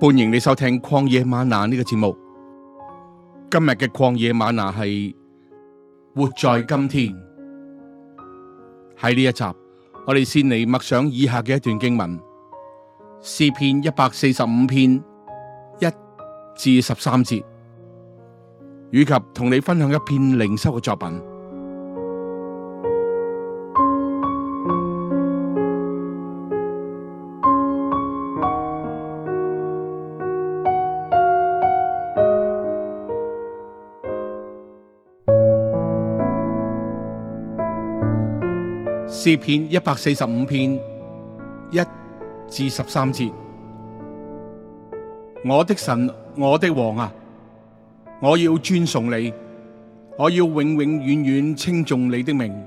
歡迎你收聽曠野嗎哪呢個節目。今日嘅曠野嗎哪係活在今天。喺呢一集，我哋先嚟默想以下嘅一段經文：詩篇一百四十五篇一至十三節，以及同你分享一篇靈修嘅作品。詩篇一百四十五篇一至十三節，我的神，我的王啊！我要尊崇你，我要永永遠遠稱頌你的名。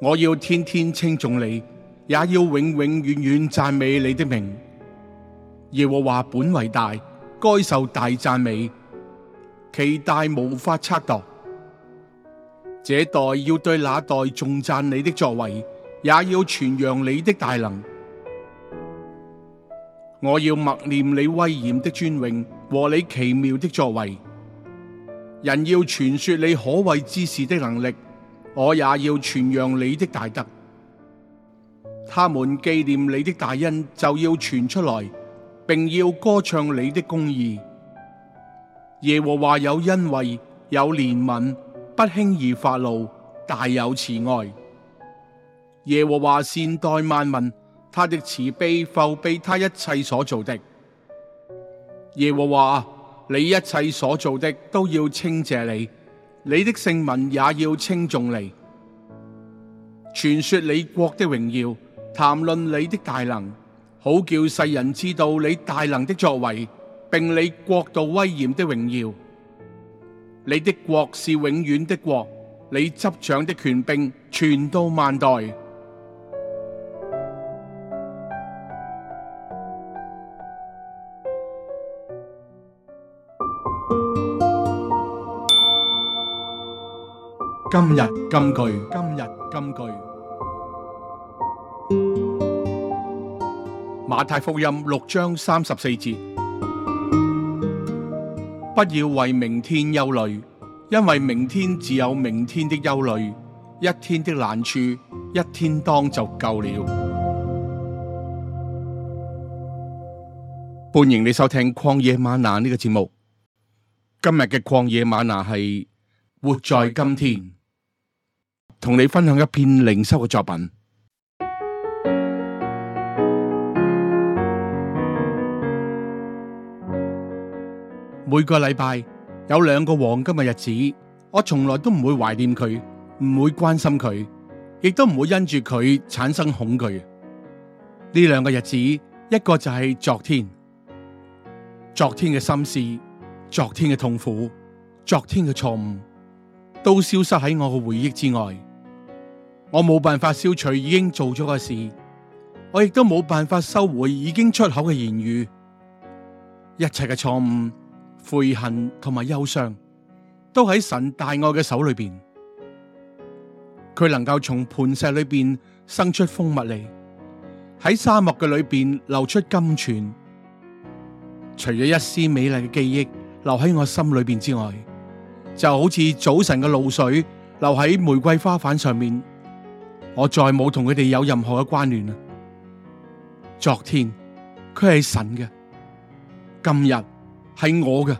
我要天天稱頌你，也要永永遠遠讚美你的名。耶和華本為大，該受大讚美，其大無法測度。這代要對那代頌讚你的作為，也要傳揚你的大能。我要默念你威嚴的尊榮和你奇妙的作為。人要傳說你可畏之事的能力，我也要傳揚你的大德。他們紀念你的大恩，就要傳出來，並要歌唱你的公義。耶和華有恩惠，有憐憫。不輕易發怒，大有慈愛。耶和華善待萬民，他的慈悲覆庇他一切所做的。耶和華，你一切所做的都要稱謝你，你的聖民，也要稱頌你。傳說你國的榮耀，談論你的大能，好叫世人知道你大能的作為，並你國度威嚴的榮耀。你的國是永遠的國，你執掌的權柄傳到萬代。今日金句，今日金句。馬太福音六章三十四節。不要為明天憂慮，因為明天自有明天的憂慮。一天的難處，一天當就夠了。歡迎你收聽曠野嗎哪呢個節目。今日嘅曠野嗎哪係《活在今天》，同你分享一篇靈修嘅作品。每個禮拜有兩個黃金嘅日子，我從來都唔會懷念佢，唔會關心佢，亦都唔會因住佢產生恐懼。呢兩個日子，一個就係昨天，昨天嘅心事、昨天嘅痛苦、昨天嘅錯誤，都消失喺我嘅回憶之外。我冇辦法消除已經做咗嘅事，我亦都冇辦法收回已經出口嘅言語，一切嘅錯誤，悔恨同埋憂傷，都喺神大愛嘅手裏邊。佢能夠從磐石裏邊生出蜂蜜嚟，喺沙漠嘅裏邊流出甘泉。除咗一絲美麗嘅記憶留喺我心裏邊之外，就好似早晨嘅露水留喺玫瑰花瓣上面。我再冇同佢哋有任何嘅關聯啦。昨天佢係神嘅，今日，係我嘅。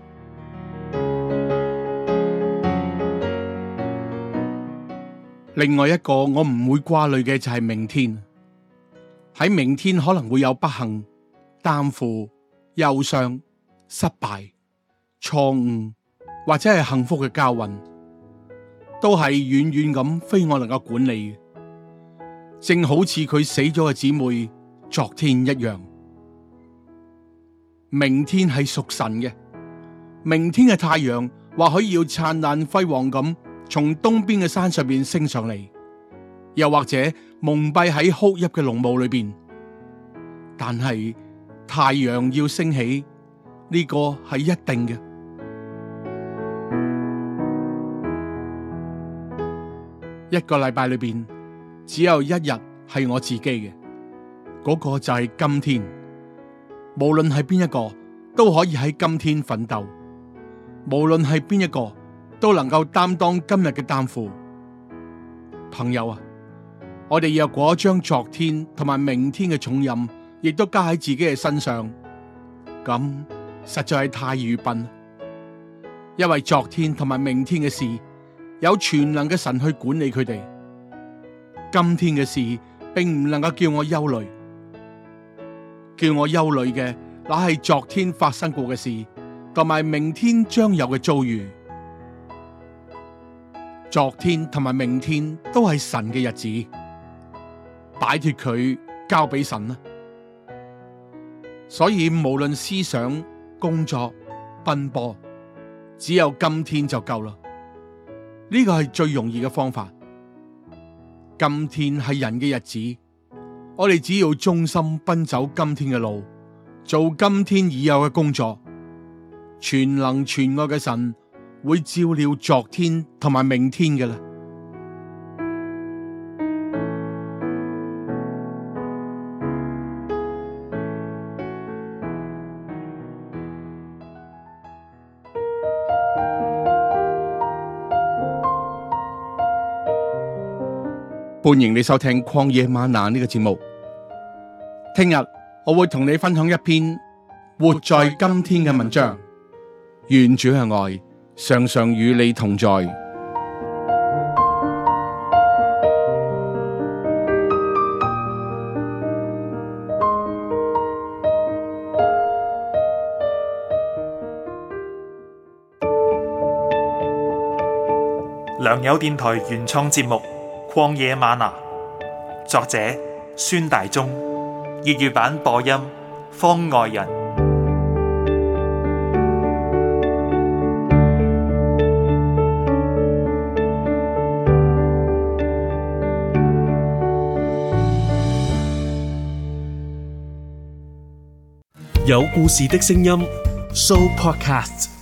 另外一個我唔會掛慮嘅就係明天。喺明天可能會有不幸、擔負、憂傷、失敗、錯誤或者係幸福嘅交運，都係遠遠咁非我能夠管理嘅。正好似佢死咗嘅姊妹昨天一樣。明天係屬神嘅，明天嘅太陽或許要燦爛輝煌咁，從東邊嘅山上邊升上嚟，又或者蒙蔽喺哭泣嘅濃霧裏邊。但係太陽要升起，呢個係一定嘅。 一個禮拜裏邊，只有一日係我自己嘅，嗰個就係今天。無論係邊一個都可以喺今天奮鬥，無論係邊一個都能夠擔當今日嘅擔負，朋友啊，我哋若果將昨天同埋明天嘅重任，亦都加喺自己嘅身上，咁實在係太愚笨，因為昨天同埋明天嘅事，有全能嘅神去管理佢哋，今天嘅事並唔能夠叫我憂慮。叫我憂慮嘅，那係昨天發生過嘅事，同埋明天將有嘅遭遇。昨天同埋明天都係神嘅日子，擺脫佢交俾神啦。所以無論思想、工作、奔波，只有今天就夠喇。呢個係最容易嘅方法。今天係人嘅日子。我哋只要忠心奔走今天嘅路，做今天已有嘅工作，全能全愛嘅神會照料昨天同埋明天嘅啦。歡迎你收聽曠野嗎哪呢個節目。聽日我會同你分享一篇活在今天嘅文章。願主嘅愛，常常與你同在。良友電台原創節目《曠野嗎哪》，作者孫大中。粵語版播音，方外人，有故事的聲音，Show Podcast。